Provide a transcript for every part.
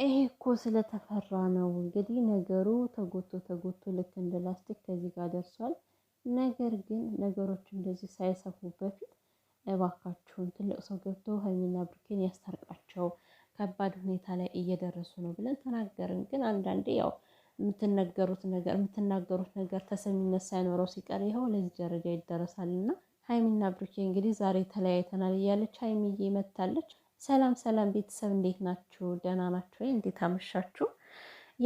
ይሄ እኮ ስለተፈራ ነው። እንግዲህ ነገሩ ተጎቶ ተጎቶ ልክ እንደ ላስቲክ ከዚህ ጋር ደርሷል። ነገር ግን ነገሮች እንደዚህ ሳይሰፉ በፊት እባካችሁን ትልቅ ሰው ገብቶ ሀይሚና ብሩኬን ያስታርቃቸው ከባድ ሁኔታ ላይ እየደረሱ ነው ብለን ተናገርን። ግን አንዳንዴ ያው የምትነገሩት ነገር የምትናገሩት ነገር ተሰሚነት ሳይኖረው ሲቀር ይኸው ለዚህ ደረጃ ይደረሳል እና ሀይሚና ብሩኬ እንግዲህ ዛሬ ተለያይተናል እያለች ሀይሚዬ መታለች። ሰላም ሰላም ቤተሰብ እንዴት ናችሁ? ደህና ናችሁ ወይ? እንዴት አመሻችሁ?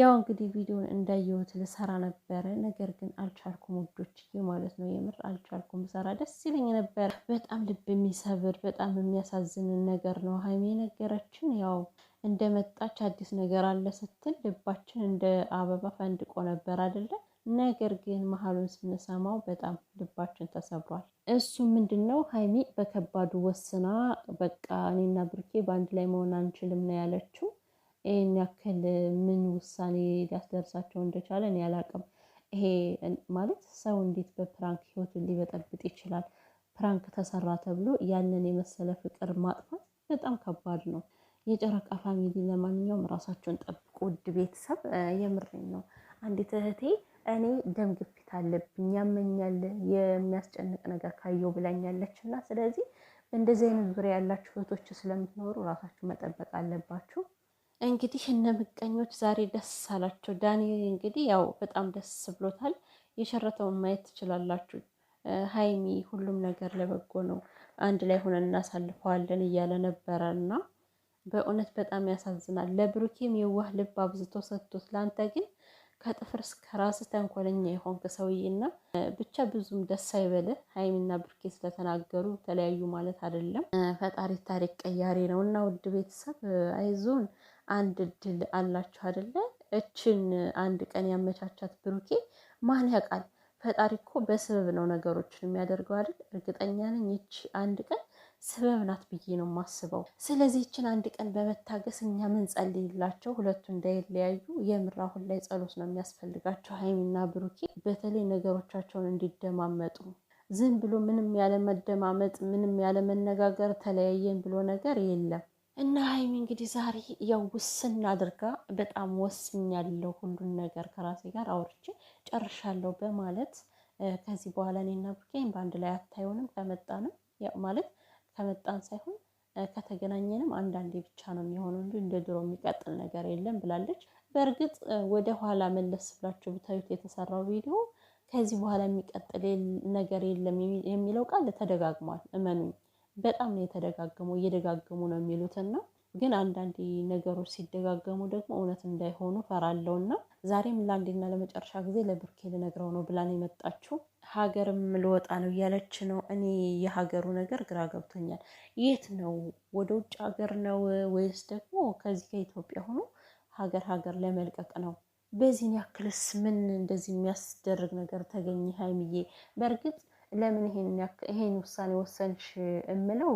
ያው እንግዲህ ቪዲዮን እንዳየሁት ልሰራ ነበረ፣ ነገር ግን አልቻልኩም ውዶችዬ ማለት ነው። የምር አልቻልኩም። ብሰራ ደስ ይለኝ ነበር። በጣም ልብ የሚሰብር በጣም የሚያሳዝንን ነገር ነው ሀይሜ ነገረችን። ያው እንደመጣች አዲስ ነገር አለ ስትል ልባችን እንደ አበባ ፈንድቆ ነበር አይደለም ነገር ግን መሀሉን ስንሰማው በጣም ልባችን ተሰብሯል። እሱ ምንድን ነው ሀይሚ በከባዱ ወስና በቃ እኔና ብርኬ በአንድ ላይ መሆን አንችልም ነው ያለችው። ይህን ያክል ምን ውሳኔ ሊያስደርሳቸው እንደቻለ እኔ አላቅም። ይሄ ማለት ሰው እንዴት በፕራንክ ህይወቱን ሊበጠብጥ ይችላል? ፕራንክ ተሰራ ተብሎ ያንን የመሰለ ፍቅር ማጥፋት በጣም ከባድ ነው። የጨረቃ ፋሚሊ፣ ለማንኛውም ራሳቸውን ጠብቁ ውድ ቤተሰብ። የምሬን ነው አንዲት እህቴ እኔ ደም ግፊት አለብኝ ያመኛል፣ የሚያስጨንቅ ነገር ካየው ብላኛለች እና ስለዚህ እንደዚህ አይነት ዙሪያ ያላችሁ እህቶች ስለምትኖሩ ራሳችሁ መጠበቅ አለባችሁ። እንግዲህ እነ ምቀኞች ዛሬ ደስ አላቸው። ዳኒ እንግዲህ ያው በጣም ደስ ብሎታል። የሸረተውን ማየት ትችላላችሁ። ሀይሚ ሁሉም ነገር ለበጎ ነው፣ አንድ ላይ ሆነን እናሳልፈዋለን እያለ ነበረ እና በእውነት በጣም ያሳዝናል። ለብሩኬም የዋህ ልብ አብዝቶ ሰጥቶት ለአንተ ግን ከጥፍር እስከ ራስ ተንኮለኛ የሆንክ ሰውዬና ብቻ ብዙም ደስ አይበልህ። ሀይሚና ብርኬ ስለተናገሩ ተለያዩ ማለት አይደለም። ፈጣሪ ታሪክ ቀያሪ ነው እና ውድ ቤተሰብ አይዞን፣ አንድ እድል አላችሁ አይደለ? እችን አንድ ቀን ያመቻቻት ብሩኬ ማን ያውቃል? ፈጣሪ እኮ በስበብ ነው ነገሮችን የሚያደርገው አይደል? እርግጠኛ ነኝ ይች አንድ ቀን ስበብ ናት ብዬ ነው የማስበው። ስለዚህ ይችን አንድ ቀን በመታገስ እኛ ምን ጸልይላቸው ሁለቱ እንዳይለያዩ። የምር አሁን ላይ ጸሎት ነው የሚያስፈልጋቸው። ሀይሚና ብሩኬ በተለይ ነገሮቻቸውን እንዲደማመጡ ዝም ብሎ ምንም ያለ መደማመጥ ምንም ያለ መነጋገር ተለያየን ብሎ ነገር የለም። እና ሀይሚ እንግዲህ ዛሬ ያው ውስን አድርጋ በጣም ወስኛለሁ፣ ሁሉን ነገር ከራሴ ጋር አውርቼ ጨርሻለሁ በማለት ከዚህ በኋላ እኔና ብሩኬን በአንድ ላይ አታዩንም ከመጣንም ያው ማለት ከመጣን ሳይሆን ከተገናኘንም አንዳንዴ ብቻ ነው የሚሆነው እንጂ እንደ ድሮ የሚቀጥል ነገር የለም ብላለች። በእርግጥ ወደ ኋላ መለስ ብላችሁ ብታዩት የተሰራው ቪዲዮ ከዚህ በኋላ የሚቀጥል ነገር የለም የሚለው ቃል ተደጋግሟል። እመኑኝ፣ በጣም ነው የተደጋገመው፣ እየደጋገሙ ነው የሚሉትና ግን አንዳንድ ነገሮች ሲደጋገሙ ደግሞ እውነት እንዳይሆኑ እና ዛሬም ለአንዴና ለመጨረሻ ጊዜ ለብሩኬ ልነግረው ነው ብላን የመጣችው ሀገርም ልወጣ ነው እያለች ነው። እኔ የሀገሩ ነገር ግራ ገብቶኛል። የት ነው? ወደ ውጭ ሀገር ነው ወይስ ደግሞ ከዚህ ከኢትዮጵያ ሆኖ ሀገር ሀገር ለመልቀቅ ነው? በዚህን ያክልስ ምን እንደዚህ የሚያስደርግ ነገር ተገኘ? ሀይምዬ በእርግጥ ለምን ይሄን ውሳኔ ወሰንሽ? እምለው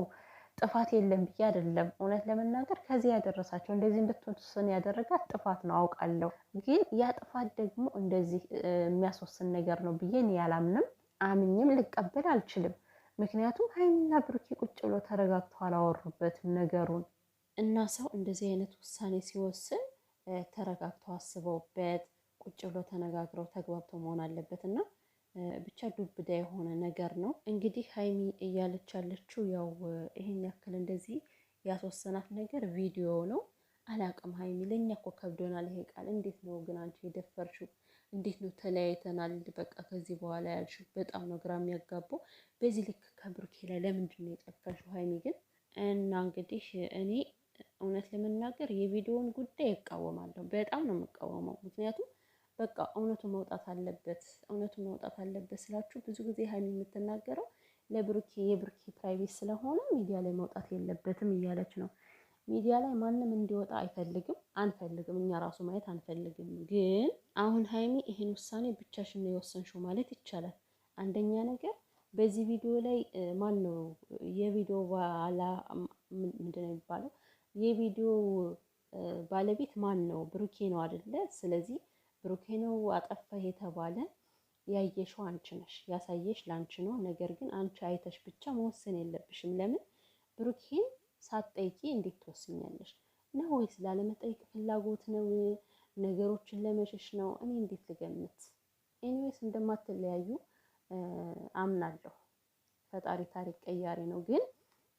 ጥፋት የለም ብዬ አይደለም። እውነት ለመናገር ከዚህ ያደረሳቸው እንደዚህ እንድትወስን ያደረጋት ጥፋት ነው አውቃለሁ። ግን ያ ጥፋት ደግሞ እንደዚህ የሚያስወስን ነገር ነው ብዬ እኔ ያላምንም አምኝም ልቀበል አልችልም። ምክንያቱም ሀይሚና ብሩኬ ቁጭ ብሎ ተረጋግተው አላወሩበትም ነገሩን እና ሰው እንደዚህ አይነት ውሳኔ ሲወስን ተረጋግተው አስበውበት ቁጭ ብሎ ተነጋግረው ተግባብተው መሆን አለበት እና ብቻ ዱብዳ የሆነ ነገር ነው። እንግዲህ ሀይሚ እያለች ያለችው ያው ይሄን ያክል እንደዚህ ያስወሰናት ነገር ቪዲዮ ነው። አላቅም ሀይሚ፣ ለእኛ እኮ ከብዶናል ይሄ ቃል። እንዴት ነው ግን አንቺ የደፈርሽው? እንዴት ነው ተለያይተናል፣ በቃ ከዚህ በኋላ ያልሽው በጣም ነው ግራ የሚያጋባው። በዚህ ልክ ከብሩኬ ላይ ለምንድን ነው የጠፋሽው ሀይሚ ግን? እና እንግዲህ እኔ እውነት ለመናገር የቪዲዮውን ጉዳይ እቃወማለሁ፣ በጣም ነው የምቃወመው ምክንያቱም በቃ እውነቱ መውጣት አለበት፣ እውነቱ መውጣት አለበት ስላችሁ ብዙ ጊዜ ሀይሚ የምትናገረው ለብሩኬ የብሩኬ ፕራይቬት ስለሆነ ሚዲያ ላይ መውጣት የለበትም እያለች ነው። ሚዲያ ላይ ማንም እንዲወጣ አይፈልግም፣ አንፈልግም፣ እኛ ራሱ ማየት አንፈልግም። ግን አሁን ሀይሚ ይህን ውሳኔ ብቻሽን ነው የወሰንሽው ማለት ይቻላል። አንደኛ ነገር በዚህ ቪዲዮ ላይ ማን ነው የቪዲዮ ባላ ምንድን ነው የሚባለው? የቪዲዮ ባለቤት ማን ነው? ብሩኬ ነው አደለ? ስለዚህ ብሩኬ ነው አጠፋ የተባለ ያየሽው አንቺ ነሽ፣ ያሳየሽ ለአንቺ ነው። ነገር ግን አንቺ አይተሽ ብቻ መወሰን የለብሽም። ለምን ብሩኬን ሳትጠይቂ እንዴት ትወስኛለሽ? ነው ወይስ ላለመጠየቅ ፍላጎት ነው? ነገሮችን ለመሸሽ ነው? እኔ እንዴት ልገምት? ኤኒዌይስ እንደማትለያዩ አምናለሁ። ፈጣሪ ታሪክ ቀያሪ ነው። ግን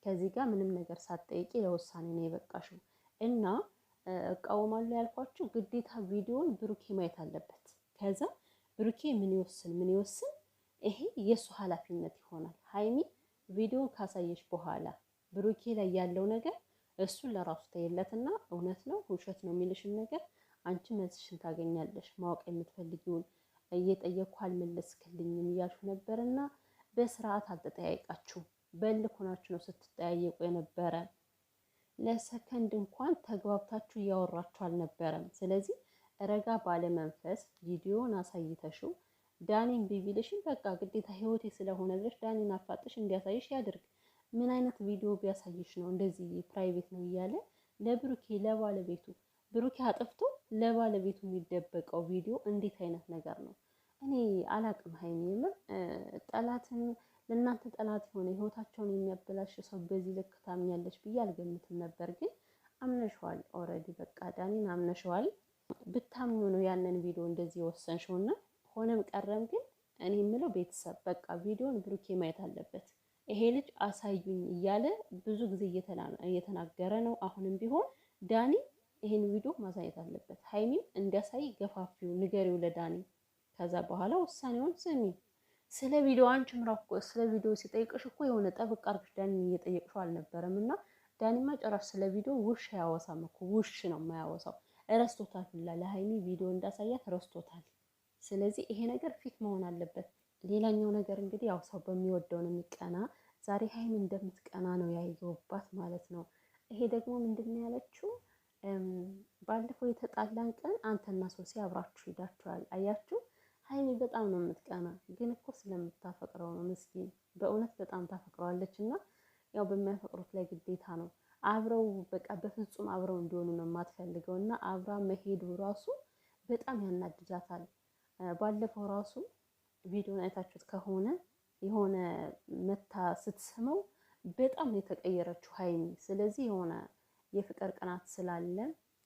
ከዚህ ጋር ምንም ነገር ሳትጠይቂ ለውሳኔ ነው የበቃሽው እና እቃወማለሁ ያልኳችሁ ግዴታ ቪዲዮን ብሩኬ ማየት አለበት። ከዛ ብሩኬ ምን ይወስን ምን ይወስን፣ ይሄ የእሱ ኃላፊነት ይሆናል። ሀይሚ ቪዲዮን ካሳየች በኋላ ብሩኬ ላይ ያለው ነገር እሱን ለራሱ ተየለትና እውነት ነው ውሸት ነው የሚልሽን ነገር አንቺ መልስሽን ታገኛለሽ። ማወቅ የምትፈልጊውን እየጠየቅኩ አልመለስክልኝም እያልሽ ነበርና በስርዓት አልተጠያየቃችሁም። በልኮናችሁ ነው ስትጠያየቁ የነበረ ለሰከንድ እንኳን ተግባብታችሁ እያወራችሁ አልነበረም። ስለዚህ ረጋ ባለመንፈስ ቪዲዮን አሳይተሽው ዳኒን ቢቢልሽን በቃ ግዴታ ህይወቴ ስለሆነ ብለሽ ዳኒን አፋጥሽ እንዲያሳይሽ ያድርግ። ምን አይነት ቪዲዮ ቢያሳይሽ ነው እንደዚህ ፕራይቬት ነው እያለ ለብሩኬ ለባለቤቱ ብሩኬ አጥፍቶ ለባለቤቱ የሚደበቀው ቪዲዮ እንዴት አይነት ነገር ነው? እኔ አላቅም። ሀይሚም ጠላትን ለእናንተ ጠላት የሆነ ህይወታቸውን የሚያበላሽ ሰው በዚህ ልክ ታምኛለች ብዬ አልገምትም ነበር። ግን አምነሸዋል። ኦልሬዲ በቃ ዳኒን አምነሸዋል። ብታምኑ ነው ያንን ቪዲዮ እንደዚህ የወሰንሽው እና ሆነም ቀረም ግን እኔ የምለው ቤተሰብ በቃ ቪዲዮን ብሩኬ ማየት አለበት። ይሄ ልጅ አሳዩኝ እያለ ብዙ ጊዜ እየተናገረ ነው። አሁንም ቢሆን ዳኒ ይህን ቪዲዮ ማሳየት አለበት። ሀይሚም እንዲያሳይ ገፋፊው፣ ንገሪው ለዳኒ። ከዛ በኋላ ውሳኔውን ስሚ። ስለ ቪዲዮ አንቺም እራሱ ስለ ቪዲዮ ሲጠይቅሽ እኮ የሆነ ጠብቅ አድርግሽ ዳኒ እየጠየቅሽ አልነበረም። እና ዳኒማ ጭራሽ ስለ ቪዲዮ ውሽ አያወሳም እኮ ውሽ ነው የማያወሳው። ረስቶታል ሁላ ለሀይሚ ቪዲዮ እንዳሳያት ረስቶታል። ስለዚህ ይሄ ነገር ፊት መሆን አለበት። ሌላኛው ነገር እንግዲህ ያው ሰው በሚወደውን የሚቀና ዛሬ ሀይሚ እንደምትቀና ነው ያየውባት ማለት ነው። ይሄ ደግሞ ምንድን ነው ያለችው ባለፈው የተጣላን ቀን አንተና ሶሲ አብራችሁ ሂዳችኋል አያችሁ ሀይሚ በጣም ነው የምትቀና፣ ግን እኮ ስለምታፈቅረው ነው። ምስኪን በእውነት በጣም ታፈቅረዋለች እና ያው በሚያፈቅሩት ላይ ግዴታ ነው አብረው በቃ በፍጹም አብረው እንዲሆኑ ነው የማትፈልገው እና አብራ መሄዱ ራሱ በጣም ያናድጃታል። ባለፈው ራሱ ቪዲዮን አይታችሁት ከሆነ የሆነ መታ ስትስመው በጣም ነው የተቀየረችው ሀይሚ። ስለዚህ የሆነ የፍቅር ቅናት ስላለ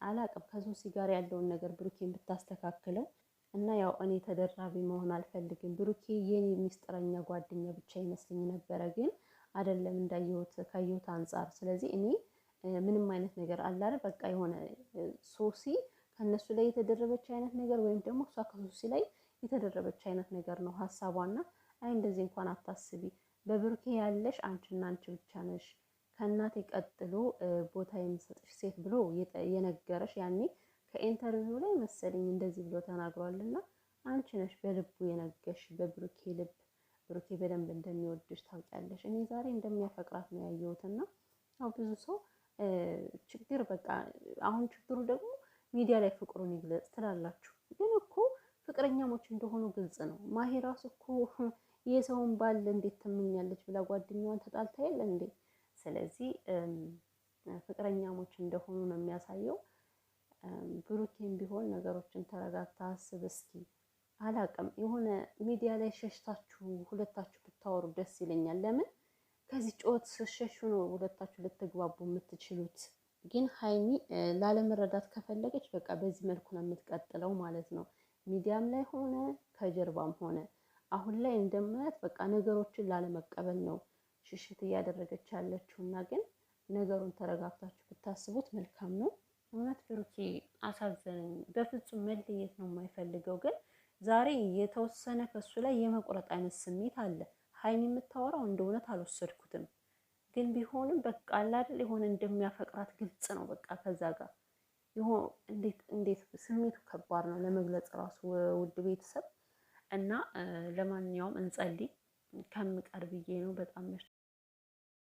አላቅም ከሶሲ ጋር ያለውን ነገር ብሩኬን ብታስተካክለው እና ያው እኔ ተደራቢ መሆን አልፈልግም። ብሩኬ የኔ ሚስጥረኛ ጓደኛ ብቻ ይመስልኝ ነበረ፣ ግን አይደለም እንዳየሁት ካየሁት አንጻር። ስለዚህ እኔ ምንም አይነት ነገር አላረ በቃ የሆነ ሶሲ ከነሱ ላይ የተደረበች አይነት ነገር ወይም ደግሞ እሷ ከሶሲ ላይ የተደረበች አይነት ነገር ነው ሀሳቧና፣ አይ እንደዚህ እንኳን አታስቢ፣ በብሩኬ ያለሽ አንቺና አንቺ ብቻ ነሽ ከእናቴ ቀጥሎ ቦታ የምሰጥሽ ሴት ብሎ የነገረሽ ያኔ ከኢንተርቪው ላይ መሰለኝ እንደዚህ ብሎ ተናግሯል እና አንቺ ነሽ በልቡ የነገሽ በብሩኬ ልብ ብሩኬ በደንብ እንደሚወድሽ ታውቂያለሽ። እኔ ዛሬ እንደሚያፈቅራት ነው ያየሁትና ያው ብዙ ሰው ችግር በቃ አሁን ችግሩ ደግሞ ሚዲያ ላይ ፍቅሩን ይግለጽ ትላላችሁ፣ ግን እኮ ፍቅረኛሞች እንደሆኑ ግልጽ ነው። ማሄ ራሱ እኮ የሰውን ባል እንዴት ትመኛለች ብላ ጓደኛዋን ተጣልታ የለ እንዴ? ስለዚህ ፍቅረኛሞች እንደሆኑ ነው የሚያሳየው። ብሩኬም ቢሆን ነገሮችን ተረጋግታ አስብ እስኪ አላቅም የሆነ ሚዲያ ላይ ሸሽታችሁ ሁለታችሁ ብታወሩ ደስ ይለኛል። ለምን ከዚህ ጩኸት ስሸሹ ነው ሁለታችሁ ልትግባቡ የምትችሉት። ግን ሀይሚ ላለመረዳት ከፈለገች በቃ በዚህ መልኩ ነው የምትቀጥለው ማለት ነው። ሚዲያም ላይ ሆነ ከጀርባም ሆነ አሁን ላይ እንደማያት በቃ ነገሮችን ላለመቀበል ነው ሽሽት እያደረገች ያለችው እና ግን ነገሩን ተረጋግታችሁ ብታስቡት መልካም ነው። እውነት ብሩኬ አሳዘነኝ። በፍጹም መለየት ነው የማይፈልገው፣ ግን ዛሬ የተወሰነ ከሱ ላይ የመቁረጥ አይነት ስሜት አለ። ሀይሚ የምታወራው እንደ እውነት አልወሰድኩትም፣ ግን ቢሆንም በቃ አላደል የሆነ እንደሚያፈቅራት ግልጽ ነው። በቃ ከዛ ጋር እንዴት ስሜቱ ከባድ ነው ለመግለጽ ራሱ ውድ ቤተሰብ እና ለማንኛውም እንጸልይ ከምቀርብዬ ነው። በጣም